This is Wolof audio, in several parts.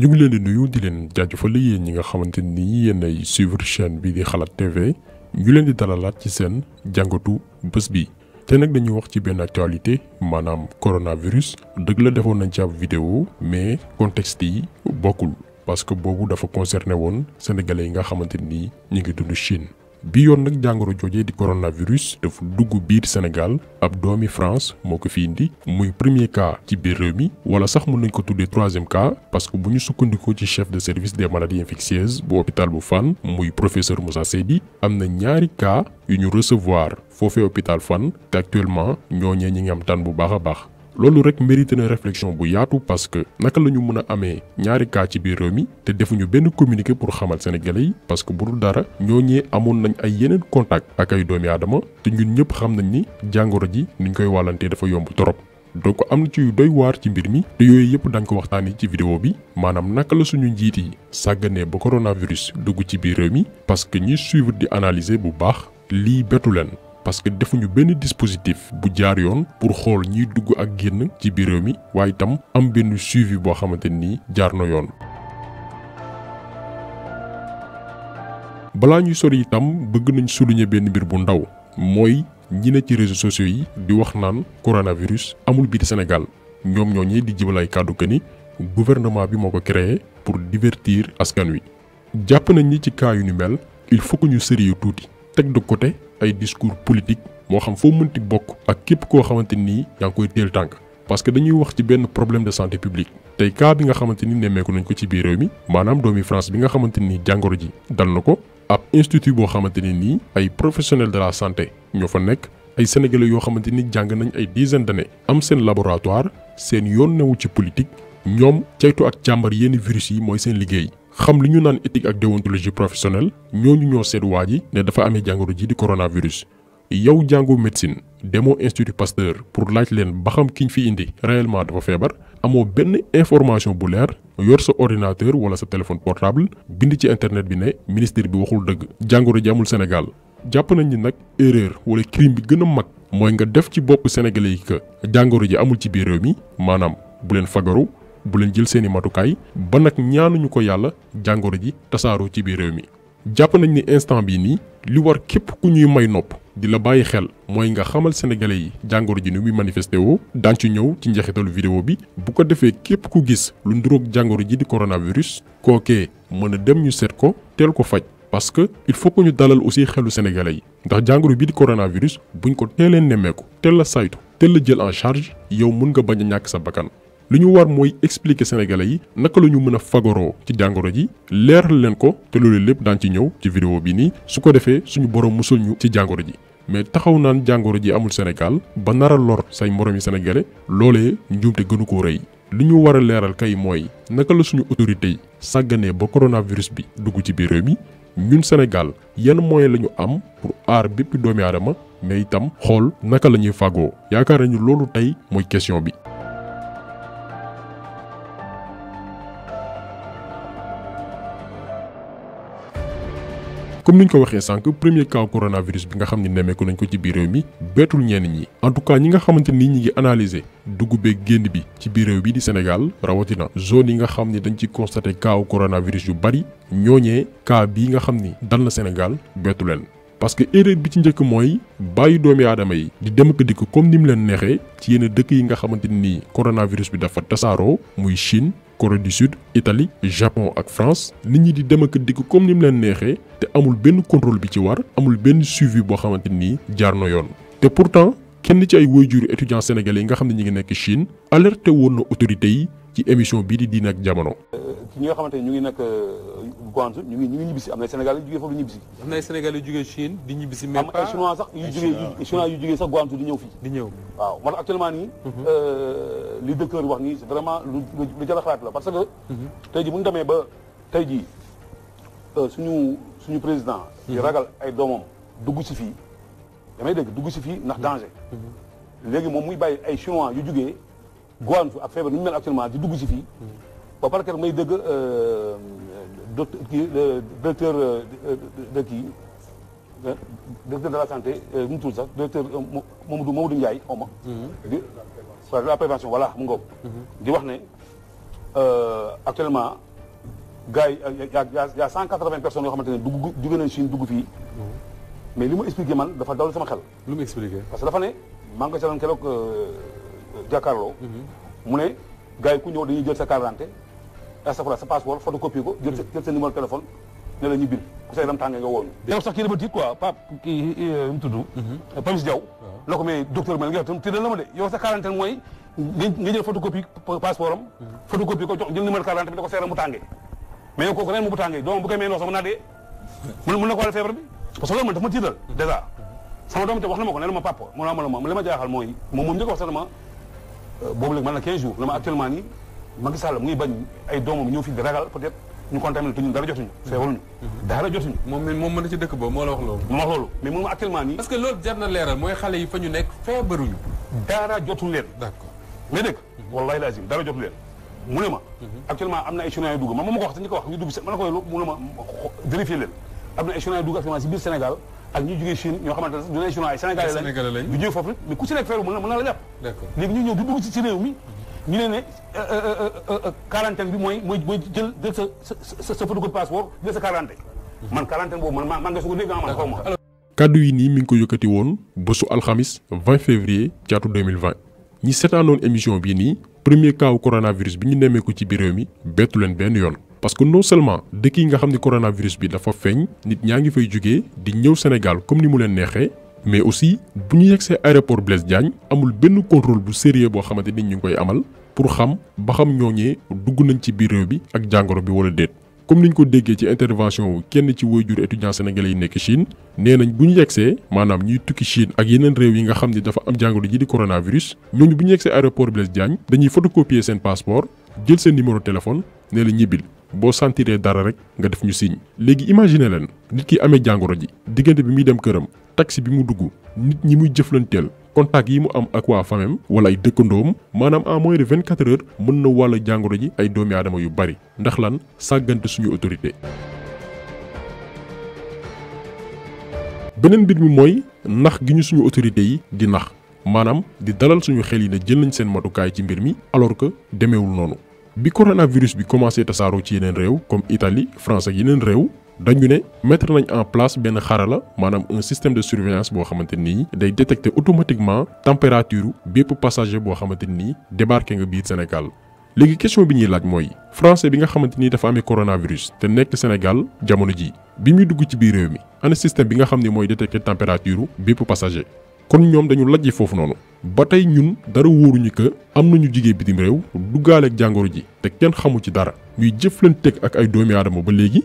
ñu ngi leen di nuyu di leen fa yéen ñi nga xamante ni yéen ay suivre bi di xalaat TV ñu leen di dalalaat ci seen jàngatu bés bi. te nag dañuy wax ci benn actualité maanaam coronavirus dëgg la defoon nañ ci ab vidéo mais contexte yi bokkul parce que boobu dafa concerné woon sénégalais yi nga xamante ni ñu ngi dund Chine. bi yoon nag jàngoro joojee di coronavirus dafa dugg biir Sénégal ab doomi France moo ko fi indi muy premier cas ci biir réew mi wala sax mën nañ ko tuddee troisième cas parce que bu ñu sukkandikoo ci chef de service des maladies infectieuses bu hôpital bu fan muy professeur Moussa Seydi am na ñaari cas yu ñu recevoir foofee hôpital fan te actuellement ñooñee ñi ngi am tan bu baax baax. loolu rek mérité na réflexion bu yaatu parce que naka la ñu mën a amee ñaari cas ci biir réew mi te defuñu benn communiqué pour xamal sénégalais yi parce que bu dul dara ñooñee amoon nañ ay yeneen contact ak ay doomi aadama te ñun ñëpp xam nañ ni jàngoro ji niñ koy wàllantee dafa yomb trop. donc am na ci doy waar ci mbir mi te yooyu yëpp danga ko waxtaan waxtaanee ci vidéo bi maanaam naka la suñu njiit yi sàgganee ba coronavirus dugg ci biir réew mi parce que ñuy suivre di analyser bu baax lii bettu leen. parce que defuñu benn dispositif bu jaar yoon pour xool ñiy dugg ak génn ci biir mi waaye itam am benn suivi boo xamante ni jaar na yoon. balaa ñuy sori itam bëgg nañ souligner benn mbir bu ndaw mooy ñi ne ci réseaux sociaux yi di wax naan coronavirus amul biir Sénégal ñoom ñoo ñee di jibal ay kàddu que ni gouvernement bi moo ko créé pour divertir askan wi. jàpp nañ ni ci cas yu ni mel il faut ñu ñu yu tuuti teg de côté ay discours politique moo xam foo mënti bokk ak képp koo xamante nii yaa ngi koy teel tànk parce que dañuy wax ci benn problème de santé publique tey cas bi nga xamante ni nemmeeku nañ ko ci biir réew mi maanaam doomi France bi nga xamante ni jàngoro ji dal na ko ab institut boo xamante ni nii ay professionnels de la santé ñoo fa nekk ay sénégalais yoo xamante ni jàng nañ ay dizaine d'années am seen laboratoire seen yoon newu ci politique ñoom ceytu ak càmbar yenn virus yi mooy seen liggéey xam li ñu naan éthique ak déontologie professionnelle ñooñu ñoo seet waa ji ne dafa amee jangoro ji di coronavirus. yow jàngu médecine demo institut Pasteur pour laaj leen ba xam ki fi indi réellement dafa feebar amoo benn information bu leer yor sa ordinateur wala sa téléphone portable bind ci internet bi ne ministère bi waxul dëgg jàngoro ji amul Sénégal jàpp nañ ni nag erreur wala crime bi gën a mag mooy nga def ci bopp sénégalais yi que jàngoro ji amul ci biir réew mi maanaam bu leen fagaru. bu len jël seeni matukaay ba nag ñaanuñu ko yàlla jàngoro ji tasaaroo ci biir réew mi jàpp nañ ni instant bii nii li war képp ku ñuy may nopp di la bàyyi xel mooy nga xamal sénégalais yi jàngoro ji ni muy manifesté woo daan ci ñëw ci njeexitalu vidéo bi bu ko defee képp ku gis lu nduróog jàngoro ji di coronavirus kookee mën a dem ñu seet ko teel ko faj parce que il faut que dalal aussi xelu sénégalais yi ndax jàngoro bi di coronavirus buñ ko teeleen nemmeeku teel la saytu teel la jël en charge yow mun nga bañ a sa bakkan li ñu war mooy expliquer sénégalais yi naka la ñu mën a fagoroo ci jàngoro ji leeral leen ko te loolu lépp daan ci ñëw ci vidéo bi nii su ko defee suñu borom musul ñu ci jàngoro ji mais taxaw naan ji amul Sénégal ba nara lor say yi sénégalais loolee njuumte gënu ko rëy li ñu war a leeral kay mooy naka la suñu autorité yi sàgganee ba coronavirus bi dugg ci biir réew mi ñun Sénégal yan moyen la am pour aar bépp doomi aadama mais itam xool naka la ñuy fagoo yaakaar nañu loolu question bi. comme ni ñu ko waxee sànq premier cas coronavirus bi nga xam ne nemmeeku nañ ko ci biir réew mi beetul ñenn ñi en tout cas ñi nga xamante ni ñi ngi analyser dugg beeg bi ci biir réew bi di Sénégal rawatina zone yi nga xam ne dañ ci constaté cas coronavirus yu bari ñooñee cas bii nga xam ni dal na Sénégal beetu leen. parce que erreur bi ci njëkk mooy bàyyi doomi aadama yi di dem ak dikk comme ni mu leen neexee ci yenn dëkk yi nga xamante ni coronavirus bi dafa tasaaroo muy Chine Corée du Sud itali Japon ak France nit ñi di dem ak comme ni mu leen neexee. amul benn contrôle bi ci war amul benn suivi boo xamante ni jaar na yoon te pourtant kenn ci ay waajuru étudiants sénégalais nga xam ne ñu ngi nekk Chine alerté woon na autorités yi ci émission bii di diine ak jamono. ñi nga xamante ne ñu ngi nekk euh, Guangzhou ñu ngi ñu ngi ñibbisi am na Sénégal yu jugee foofu di ñibbisi. am na ay Sénégal yu jugee Chine di ñibbisi. même pas am ay chinois sax yu jugee chinois sax Guangzhou di ñëw fii. di ñëw waaw man actuellement nii. Mhm. Euh, li docteur wax nii c'est vraiment la parce que. Mhm. tey jii ba tey jii Euh, suñu suñu président. di mhm. ragal ay doomam dugg si fii. damay dégg dugg si fii ndax mhm. danger. Mhm. léegi moom muy bàyyi ay chinois yu jugee Guangzhou ak feebar nu mu mel actuellement di dugg si fii. ba pare keroog may dégg euh, directeur euh, de kii directeur de la santé nu mu tudd sax directeur Mamadou Mamadou Ndiaye oma di la prévention voilà mu ngoog. di wax ne actuellement. gars yi euh, y' a cent quatre vingt personnes yoo xamante ne dugg jóge nañ Chine dugg fii mhm. mais li mu expliqué man dafa dawlu sama xel lu mu expliqué parce que dafa ne maa euh, mhm. mu ne gars ku ñëw dañuy jël sa carte d'identité astafurlah sa passeport photocopie ko jël sa mhm. numéro téléphone ne la ñu bind ku sa yaram tàngee nga wooñu yow sax kii euh, mu tudd jox jël numéro carte d'identité bi da tàngee mais yow kooku ren mu bu tàngee doom bu koy may naa dee mën na ko wàll feebar bi parce que loolu man dafa ma tiital dèjà sama doom te wax na ma ko nee na ma papa mu naa ma la ma mooy moom moom njëkk wax sax dama euh, boobu nii Macky Sall mu ngi bañ ay doomam ñëw fii di ragal peut être ñu contaminé te ñun dara jotuñu feebaruñu mhm. dara jotuñu moom moom mën na ci dëkk boobu moo la wax loolu moo wax loolu mais moom actuellement nii parce que loolu jar na leeral mooy xale yi fa ñu nekk feebaruñu dara jotul leen d'accord mais dëgg mhm. wallahi lazim leen mu ne ma. actuellement am na ay chinois yu dugg man moom ma ko wax man ne ma vérifier leen am na ñu ñëw di dugg si bi mooy mooy mooy jël jël sa sa sa photocopie passeport jël sa quarantaine. man quarantaine boobu man man nga su ko dégg ah, man xaw ma. kàddu yi nii mi ngi ko yëkkati woon bésu alxamis 20 février caatu ñi seetaanoon émission bii nii premier cas au coronavirus bi ñu ko ci biir réew mi bettu leen yoon. parce que non seulement dëkk yi nga xamni coronavirus bi dafa feñ nit ñaa ngi fay juggé di ñëw Sénégal comme ni mu leen nexé mais aussi bu ñu yexé aéroport Blaise Diagne amul benn contrôle bu sérieux bo xamante ni ñu ngi koy amal pour xam ba xam ñoñé dugg nañ ci biir réew bi ak jangoro bi wala déet. comme ni ñu ko déggee ci intervention wu kenn ci waajur étudiant sénégalais yi nekk Chine nee nañ bu ñu yegsee maanaam ñuy tukki Chine ak yeneen réew yi nga xam ne dafa am jàngoro ji di korona coronavirus ñooñu bu ñu yegsee aéroport Blaise Diagne dañuy photocopier seen passeport jël seen numéro téléphone nee la ñibbil boo sentiree dara rek nga def ñu signe. léegi imaginer leen nit ki amee jàngoro ji diggante bi muy dem këram taxi bi mu dugg nit ñi muy jëflanteel. contact yi mu am ak waa famem wala ay dëkkandoom maanaam en moins de 24 mën na wàll jàngoro ji ay doomi aadama yu bari ndax lan sàggante suñu autorité beneen mbir mi mooy nax gi suñu autorité yi di nax maanaam di dalal suñu xel yi ne jël nañ seen matukaay ci mbir mi alors que demeewul noonu bi coronavirus bi commencé tasaaroo ci yeneen réew comme Italie France yeneen réew dañu ne mettre nañ en place benn xarala maanaam un système de surveillance boo xamante nii day détecter automatiquement température bépp passager boo xamante nii débarqué nga biir Sénégal léegi question bi ñuy laaj mooy français bi nga xamante dafa amee coronavirus te nekk Sénégal jamono ji bi muy dugg ci biir réew mi ana système bi nga xam ne mooy détecter température bépp passager kon ñoom dañu lajji foofu noonu ba tey ñun dara wóoruñu que am nañu jigéen bitim réew duggaaleeg jàngoro ji te kenn xamu ci dara ñuy jëflanteeg ak ay doomi aadama ba léegi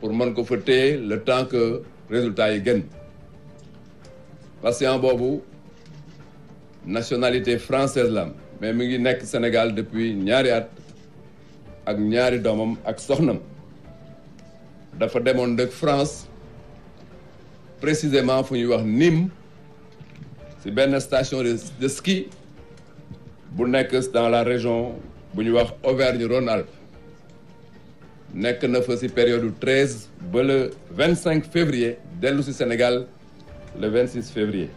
pour mën ko le temps que résultat yi un patient bobu nationalité française mais mi ngi au Sénégal depuis ñaari at ak ñaari domam ak soxnam dafa demoon dëkk France précisément fu wax Nîmes c'est benn station de ski bu nekk dans la région bu wax Auvergne-Rhône-Alpes nek na fa ci période du 13 ba le 25 février dellu ci Sénégal le 26 février.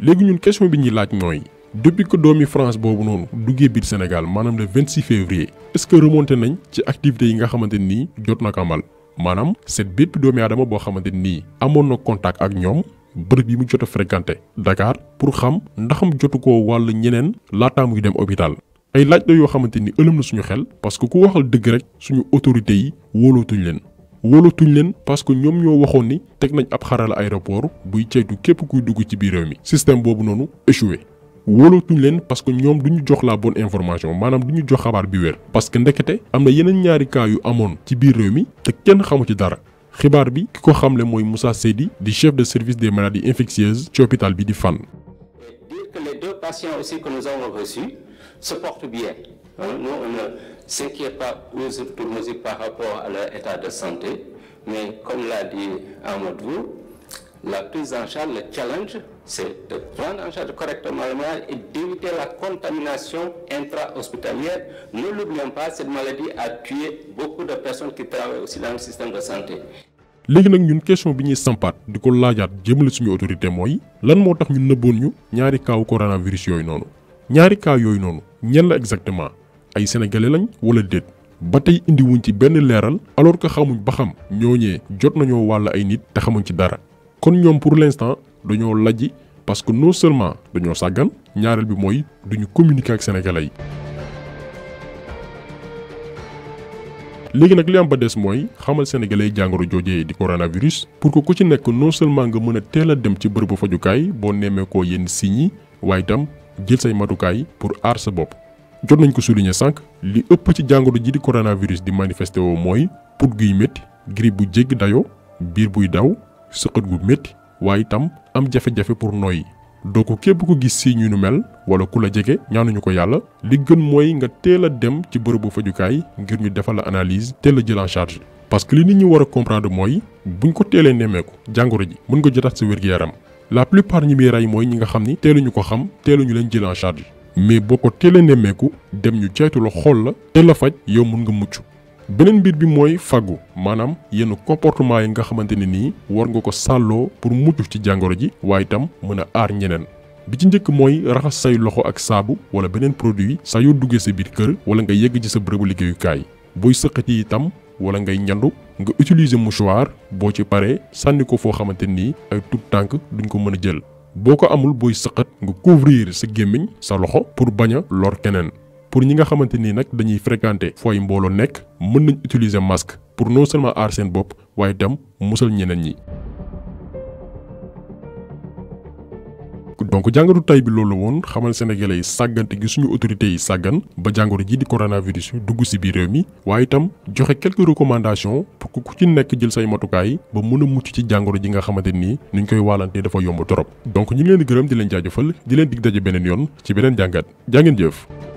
légui ñun question bi ñi laaj mooy depuis que domi France bobu noonu duggé biir Sénégal manam le 26 février est-ce que remonté nañ ci activité yi nga xamante nii jot na ko amal maanaam seet bépp doomi aadama boo xamante nii na contact ak ñom bërëb bi mu jot a fréquenté Dakar pour xam ndaxam jotu ko ñenen ñeneen laata muy dem hôpital ay laaj la yoo xamante ni ëlëm na suñu xel parce que ku waxal dëgg rek suñu autorité yi wóolootuñ leen wóolootuñ leen parce que ñoom ñoo waxoon ni teg nañ ab xarala aéroport buy ceytu képp kuy dugg ci biir réew mi système boobu noonu échoué wóolootuñ leen parce que ñoom duñu jox la bonne information maanaam duñu jox xabaar bi wér parce que ndekete am na yeneen ñaari cas yu amoon ci biir réew mi te kenn xamu ci dara xibaar bi ki ko xamle mooy Moussa Seydi di chef de service des maladies infectieuses ci hôpital bi di fan. Dire que les deux patients aussi que nous avons reçus se portent bien. Hein, nous, on ne s'inquiète pas par rapport à leur état de santé, mais comme l'a dit Amadou, la prise en charge, le challenge, c'est de prendre en charge correctement le malade et d'éviter la contamination intra-hospitalière. Ne l'oublions pas, cette maladie a tué beaucoup de personnes qui travaillent aussi dans le système de santé. nous avons une question est sympa, sampaat di ko laajaat jëmale suñu autorité mooy lan moo tax ñun nëbboon ñu ñaari kaawu coronavirus yooyu noonu ñaari ñen la exactement ay sénégalais lañ wala déet ba tey indiwuñ ci benn leeral alors que xamuñ ba xam ñooñee jot nañoo wàll ay nit te xamuñ ci dara kon ñoom pour l'instant dañoo lajji parce que non seulement dañoo sàggan ñaareel bi mooy duñu communiquer ak sénégalais yi. léegi nag li am ba des mooy xamal sénégalais jàngoro joojee di coronavirus pour ko ku ci nekk non seulement nga mën a teel a dem ci bërëbu fajukaay boo nemmeekoo yenn signes yi waaye itam jël say matukaay pour aar sa bopp. jot nañ ko souligner sànq li ëpp ci jàngoro ji di coronavirus di manifesté woo mooy put guy métti grippe bu jéggi dayo biir buy daw sëqët gu métti waaye itam am jafe-jafe pour noyyi. donc képp ku gis si ñu nu mel wala ku la jege ñaanuñu ko yàlla li gën mooy nga teel a dem ci bërëbu fajukaay ngir ñu defal la analyse teel a jël en parce que li nit ñu war a comprendre mooy buñ ko teelee nemmeeku jàngoro ji mën nga jotaat sa wér-gu-yaram. la plupart ñi muy rey mooy ñi nga xam ni teeluñu ko xam teeluñu leen jël en charge mais boo ko teelee nemmeeku dem ñu ceytu xool la teel a faj yow mun nga mucc beneen mbir bi mooy faggu maanaam yenn comportement yi nga xamante ne nii war nga ko sàlloo pour mucc ci jàngoro ji waaye itam mën a aar ñeneen bi ci njëkk mooy raxas say loxo ak saabu wala beneen produit saa yoo duggee sa biir kër wala nga yegg ci sa bërëbu liggéeyukaay booy sëqati itam wala ngay ñandu nga utiliser mouchoir boo ci paree sànni ko foo xamante nii ay tout tànk duñ ko mën a jël boo ko amul booy sëqat nga couvrir sa gémmiñ sa loxo pour bañ a lor keneen pour ñi nga xamante nii nag dañuy fréquenter fooy mbooloo nekk mën nañ utiliser masque pour non seulement aar bopp waaye itam musal ñeneen ñi donc jàngatu tay bi loolu woon xamal sénégalais yi sàggante gi suñu autorités yi sàggan ba jàngoro jii di coronavirus yu dugg si biir réew mi waaye itam joxe quelques recommandations pour que ku ci nekk jël say matukaay ba mën a mucc ci jàngoro ji nga xamante nii nuñ koy waalantee dafa yomb torop donc ñu ngi leen gërëm di leen jaajëfal di leen dig daje beneen yoon ci beneen jàngat jàngeen jëf